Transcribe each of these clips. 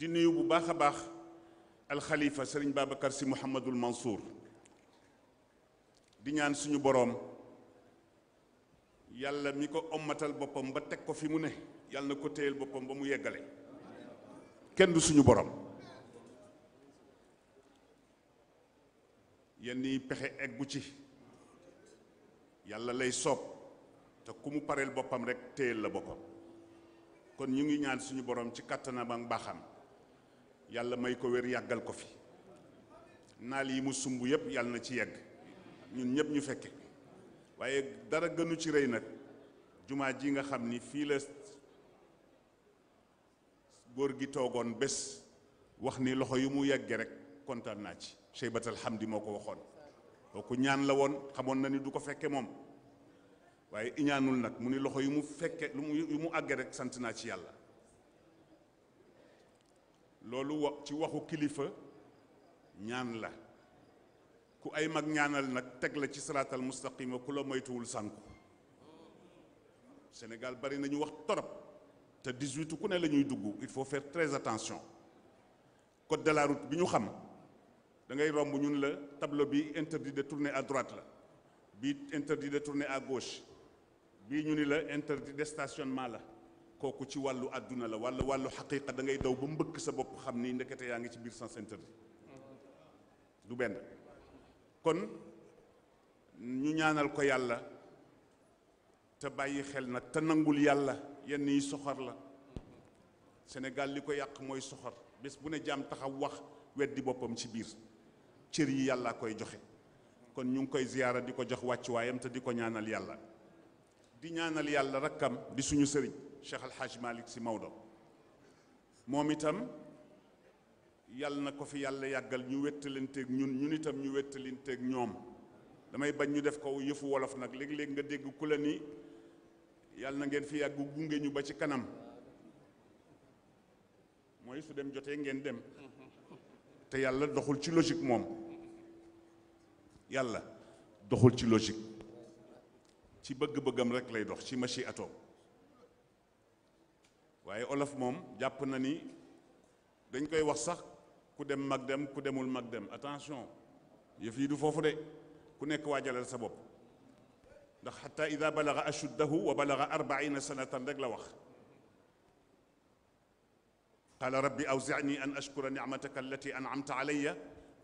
di nuyu bu baax a baax alxalifa sëriñ Babacar si Mouhamadul Mansour di ñaan suñu boroom yàlla mi ko ommatal boppam ba teg ko fi mu ne yàlla na ko téyel boppam ba mu yeggale kenn du suñu boroom yenn yi pexe eggu ci yàlla lay soob te ku mu pareel boppam rek téyel la boppam kon ñu ngi ñaan suñu boroom ci kàttanam ak baaxam yàlla may ko wér yàggal ko fi naal yi mu sumb yëpp yàlla na ci yegg ñun ñëpp ñu fekke waaye dara gënu ci rëy nag jumaa ji nga xam ni fii la góor gi toogoon bés wax ni loxo yi mu yegge rek kontaan naa ci Cheybat Alhamdi moo ko waxoon kooku ñaan la woon xamoon na ni du ko fekke moom waaye iñaanul nag mu ni loxo yi mu fekke lu mu mu àgge rek sant naa ci yàlla loolu wa ci waxu kilifa ñaan la ku ay mag ñaanal nag teg la ci siraatal mustaqima ku la moytuwul sànku Sénégal bari nañu wax torop te 18 ku ne la ñuy dugg il faut faire très attention code de bi ñu xam da ngay romb ñun la tableau bi interdit de tourner à droite la bi interdit de tourner à gauche bii ñu ni la interdit de stationnement la kooku ci wàllu àdduna la wàllu wàllu xaqiqa da ngay daw ba mbëkk sa bopp xam ni ndekete yaa ngi ci biir sens interdit du benn kon ñu ñaanal ko yàlla te bàyyi xel nag te nangul yàlla yenn yi soxor la Sénégal li ko yàq mooy soxor bés bu ne jaam taxaw wax weddi boppam ci biir cër yi yàlla koy joxe kon ñu ngi koy ziyaara di ko jox wàccuwaayam te di ko ñaanal yàlla di ñaanal yàlla rakkam di suñu sëriñ Cheikh Al Hadj Malick si Maodo moom itam yàlla na ko fi yàlla yàggal ñu wettalanteeg ñun ñun itam ñu wettalanteeg ñoom damay bañ ñu def ko yëfu wolof nag léeg-léeg nga dégg ku la ni yàlla na ngeen fi yàggu gunge ñu ba ci kanam mooy su dem jotee ngeen dem te yàlla doxul ci logique moom yàlla doxul ci logique ci bëgg-bëggam rek lay dox ci machi ato waaye olof moom jàpp na ni dañ koy wax sax ku dem mag dem ku demul mag dem attention yëf yi du foofu de ku nekk waajalal sa bopp ndax xata ida balaga ashuddahu wa balaga arbaina sanatan rek la wax qaala rabbi awzicni an ashkura nicmataka allati ancamta calaya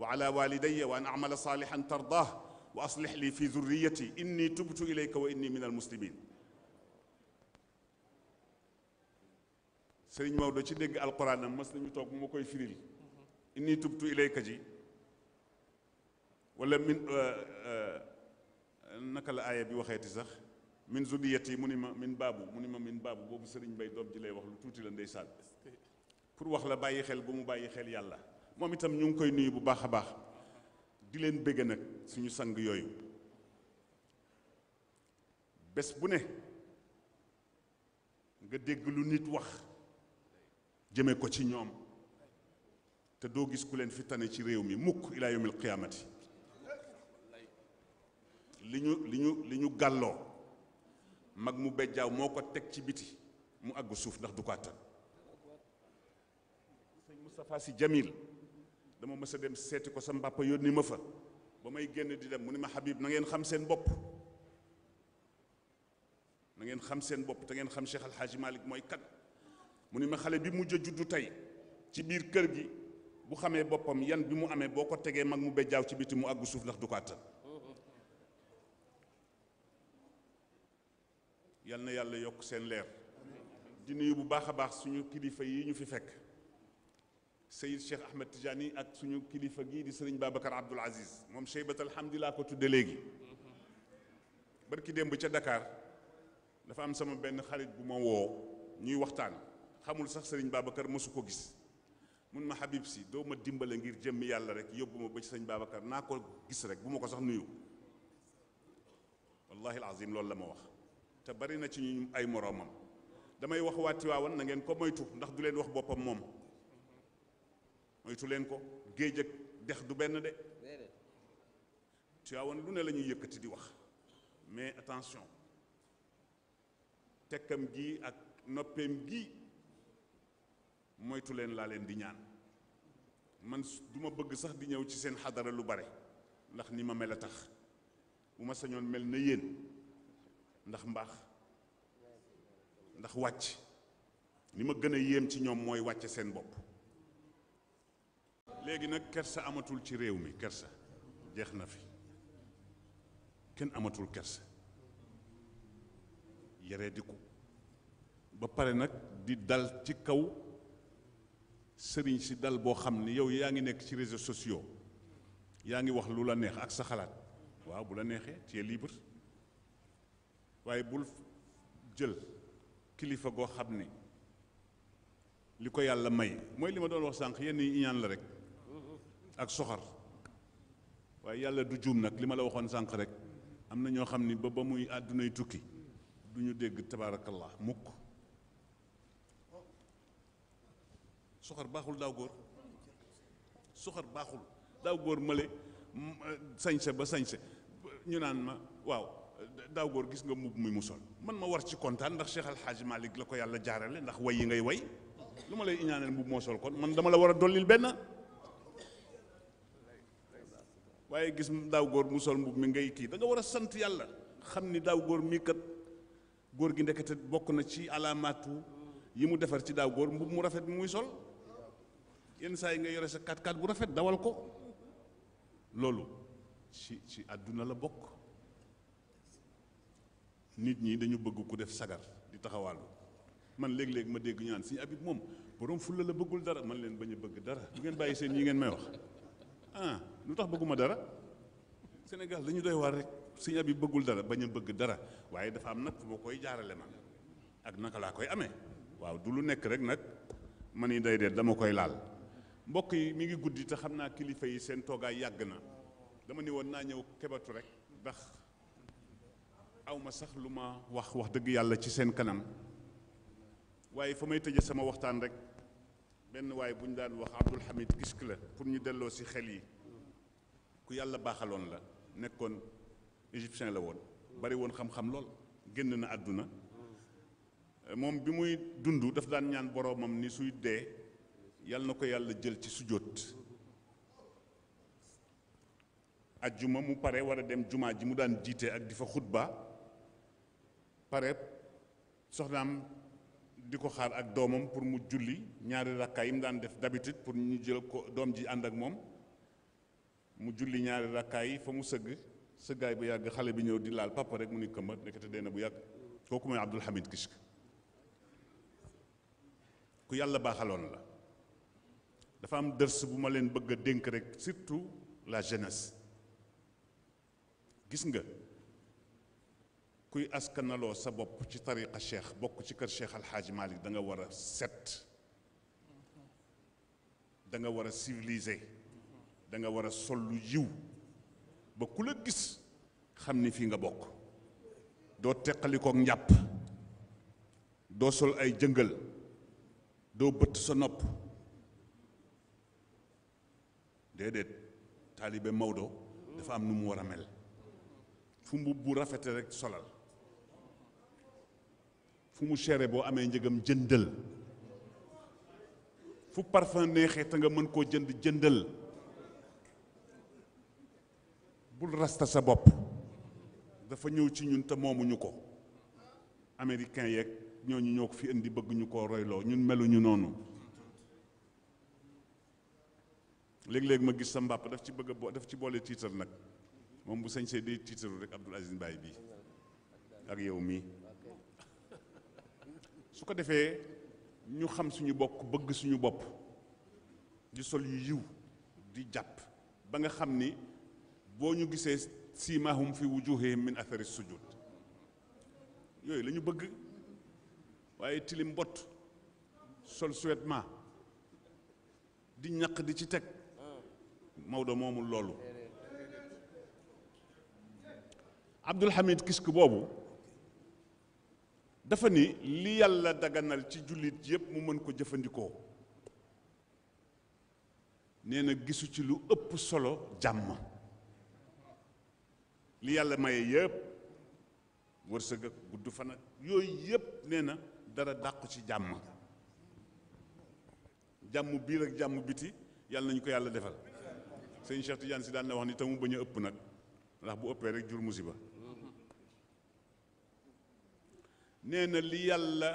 wa ala walidaya wa an acmala saalixan tardaah wa aslix li fi zurriyati inni tubtu ilayka wa inni min almuslimin sëriñ Maodo ci dégg alquranam mas nañu toog mu koy firil inni tubtu ilayka ji walla min euh, euh, naka la aaya bi waxeeti sax min zuriyati mu ni ma min baabu mu ni ma min baabu boobu sëriñ Mbay doom ji lay wax lu tuuti la ndeysaan pour wax la bàyyi xel bu mu bàyyi xel yàlla moom itam ñu ngi koy nuyu bu baax a baax di leen bëgg nag suñu sang yooyu bés bu ne nga dégg lu nit wax jëmee ko ci ñoom te doo gis ku leen fi tane ci réew mi mukk ilaa yawmil qiyaamati li ñu li ñu li ñu gàlloo mag mu bejjaaw moo ko teg ci biti mu àgg suuf ndax du ko àttan sëñ Moustapha Sy Jamil dama mës a dem seeti ko sa mbàppa yónni ma fa ba may génn di dem mu ne ma Habib na ngeen xam seen bopp na ngeen xam seen bopp te ngeen xam Cheikh Al Hadji Malick mooy kat mu ni ma xale bi mujj a juddu tey ci biir kër gi bu xamee boppam yan bi mu amee boo ko tegee mag mu bejjaaw ci bitimu mu àggu suuf ndax du ko àttan yal na yàlla yokk seen leer di nuyu bu baax a baax suñu kilifa yi ñu fi fekk Seyid Cheikh Ahmed Tijani ak suñu kilifa gii di sëriñ Babacar Abdoul Aziz moom Cheybat alhamdulilah ko tudde léegi barki démb ca Dakar dafa am sama benn xarit bu ma woo ñuy waxtaan xamul sax sëriñ Babacar mosu ko gis mun ma Habib si doo ma dimbale ngir jëmmi yàlla rek yóbbu ma ba ci sëñ Babacar naa ko gis rek bu ma ko sax nuyu wallahi alazim loolu la ma wax te bari na ci ñu ay moroomam damay wax waa Tiwaawan na ngeen ko moytu ndax du leen wax boppam moom moytu leen ko géej ak dex du benn de Tiwaawan lu ne la ñuy yëkkati di wax mais attention tekkam gi ak noppeem gi moytu leen laa leen di ñaan man du ma bëgg sax di ñëw ci seen xadara lu bare ndax ni ma mel a tax bu ma sañoon mel na yéen ndax mbaax ndax wàcc ni ma gën a yéem ci ñoom mooy wàcce seen bopp léegi nag kersa amatul ci réew mi kerse jeex na fi kenn amatul kersa yare di ko ba pare nag di dal ci kaw sëriñ si dal boo xam ni yow yaa ngi nekk ci réseaux sociaux yaa ngi wax lu la neex ak sa xalaat waaw bu la neexee tu es libre waaye bul jël kilifa goo xam ni li ko yàlla may mooy li ma doon wax sànq yenn iñaan la rek ak soxar waaye yàlla du juum nag li ma la waxoon sànq rek am na ñoo xam ni ba ba muy àddunay tukki du ñu dégg tabaarakallah mukk soxor baaxul daaw góor soxor baaxul daaw góor mële euh, sañse ba sañse ñu naan ma waaw daaw góor gis nga mbubb muy mu sol man ma war ci kontaan ndax Cheikh Al Hadj la ko yàlla jaarale ndax way yi ngay way lu ma lay iñaaneel mbubb moo sol kon man dama la war a dollil benn waaye gis daaw góor mu sol mbubb mi ngay kii danga war a sant yàlla xam ni daaw góor mii kat góor gi ndekete bokk na ci alaamaatu yi mu defar ci daaw góor mbubb mu rafet muy sol yenn saa yi nga yore sa 4 x bu rafet dawal ko loolu ci ci àdduna la bokk nit ñi dañu bëgg ku def sagar di taxawaalu man léeg-léeg ma dégg ñaan suñu abit moom borom fulla la bëggul dara man leen bañ a bëgg dara bu ngeen bàyyi seen yi ngeen may wax ah lu tax bëgguma dara senegal dañu doy waar rek suñu abit bëggul dara bañ a bëgg dara waaye dafa am nag fu ma koy jaarale man ak naka laa koy amee waaw du lu nekk rek nag man yi day dee dama koy laal mbokk yi mi ngi guddi te xam naa kilifa yi seen toogaay yàgg na dama ne woon naa ñëw kebatu rek ndax awma ma sax lu ma wax wax dëgg yàlla ci seen kanam waaye fa may tëje sama waxtaan rek benn waaye bu ñu daan wax Abdul Hamid Kisk la pour ñu delloo si xel yi ku yàlla baaxaloon la nekkoon égyptien la woon bari woon xam-xam lool génn na àdduna moom bi muy dund daf daan ñaan boroomam ni suy dee yal na ko yàlla jël ci sujjóot ajjuma mu pare war a dem jumaa ji mu daan jiite ak di fa xutba pare soxnaam di ko xaar ak doomam pour mu julli ñaari rakkaa yi mu daan def d'habitude pour ñu jël ko doom ji ànd ak moom mu julli ñaari rakkaa yi fa mu sëgg sëggaay bu yàgg xale bi ñëw di laal papa rek mu ni këmba nekkate dee na bu yàgg kooku mooy Abdul Hamid Kishk ku yàlla baaxaloon la dafa am dërs bu ma leen bëgg dénk rek surtout la jeunesse gis nga kuy askanaloo sa bopp ci tariqa cheikh bokk ci kër cheikh alxaaji Malick danga war a set danga war a civilisé da nga war a sollu yiw ba ku la gis xam ni fii nga bokk doo teqalikook njàpp doo sol ay jëngal doo bëtt sa nopp déedéet taalibe Maodo dafa am nu mu war a mel fu mbubb bu rafete rek solal fu mu chéré boo amee njëgam jëndal fu parfum neexee te nga mën koo jënd jëndal bul rasta sa bopp dafa ñëw ci ñun te moomuñu ko américain yeeg ñooñu ñoo ko fi indi bëgguñu ñu koo royloo ñun meluñu noonu léeg-léeg ma gis sa mbàpp daf ci bëgg a daf ci boole titre nag moom bu sañsee day titre rek Abdoul Aziz Mbaye bi ak yow mii su ko defee ñu xam suñu bokk bëgg suñu bopp di sol yu yiw di jàpp ba nga xam ni boo ñu gisee siimahum fi wujuhihim min athari sujud yooyu la bëgg waaye tilim bott sol suwetma di ñaq di ci teg Maodo moomu loolu Abdul Hamid Kisk boobu dafa ni li yàlla daganal ci jullit yépp mu mën ko jëfandikoo nee na gisu ci lu ëpp solo jàmm li yàlla maye yépp wërsëg ak gudd fan ak yooyu yépp nee na dara dàqu ci jàmm jàmm biir ak jàmm biti yàlla nañu ko yàlla defal sëñ Cheikh Tidiane si daan na wax ni tamu bañ a ëpp nag ndax bu ëppee rek jur musiba nee na li yàlla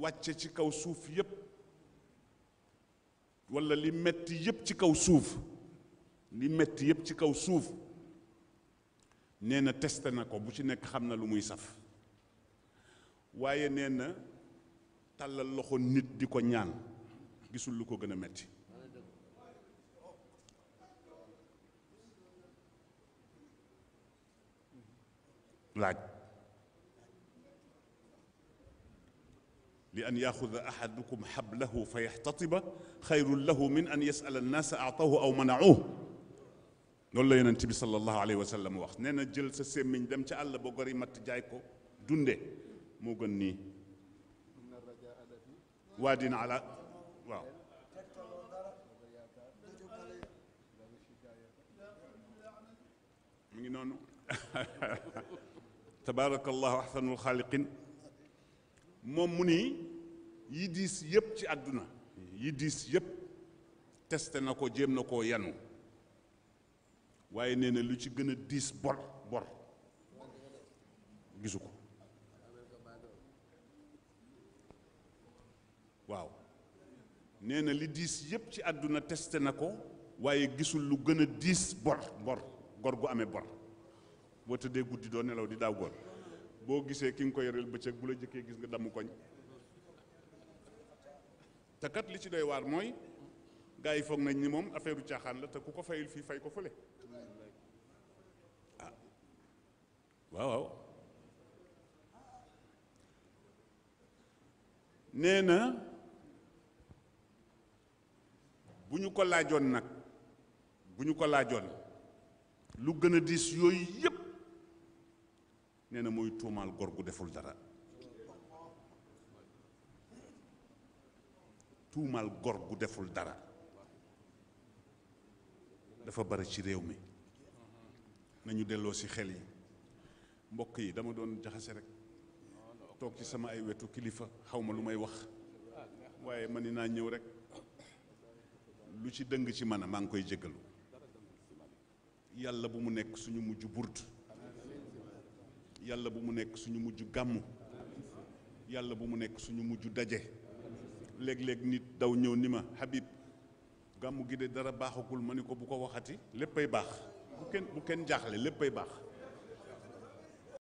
wàcce ci kaw suuf yépp walla li metti yépp ci kaw suuf li metti yépp ci kaw suuf nee na testé na ko bu ci nekk xam na lu muy saf waaye nee na tàllal loxo nit di ko ñaan gisul lu ko gën a metti laaj li an yaxuda axadukum xablahu fa yaxtatiba xayrun lahu min an yasala annaasa aataahu aw manauhu loolu la yonent bi salallahu alayhi wa sallam wax nee na jël sa sémmiñ dem ca àll ba gori matt jaay ko dunde moo gën nii waa dina ala waaw mu ngi noonu tabaarakallaahu ahsanul xaaliqin moom mu ni yi diis yëpp ci àdduna yi diis yëpp testé na ko jéem na koo yanu waaye nee na lu ci gën a diis bor bor gisu ko waaw nee na li diis yëpp ci àdduna testé na ko waaye gisul lu gën a diis bor bor gor gu amee bor boo tëddee guddi doo nelaw di daaw goon boo gisee ki nga ko yoreel bëccëg bu la jëkkee gis nga damm koñ te li ci doy waar mooy gars yi foog nañ ni moom affaire u caaxaan la te ku ko fayul fii fay ko fële ah waaw nee na bu ñu ko laajoon nag bu ñu ko laajoon lu gën a diis yooyu yëpp nee na mooy tuumaal gor gu deful dara tuumaal góor gu deful dara dafa bari ci réew mi nañu delloo ci xel yi mbokk yi dama doon jaxase rekk toog ci sama ay wetu kilifa xaw ma lu may wax waaye man naa ñëw rekk lu ci dëng ci man maa ngi koy jéggalu yàlla bu mu nekk suñu mujj burt yàlla bu mu nekk suñu mujj gàmmu yàlla bu mu nekk suñu mujj daje léeg-léeg nit daw ñëw ni ma Habib gàmm gi de dara baaxagul ma ni ko bu ko waxati léppay baax bu kenn bu kenn jaaxle léppay baax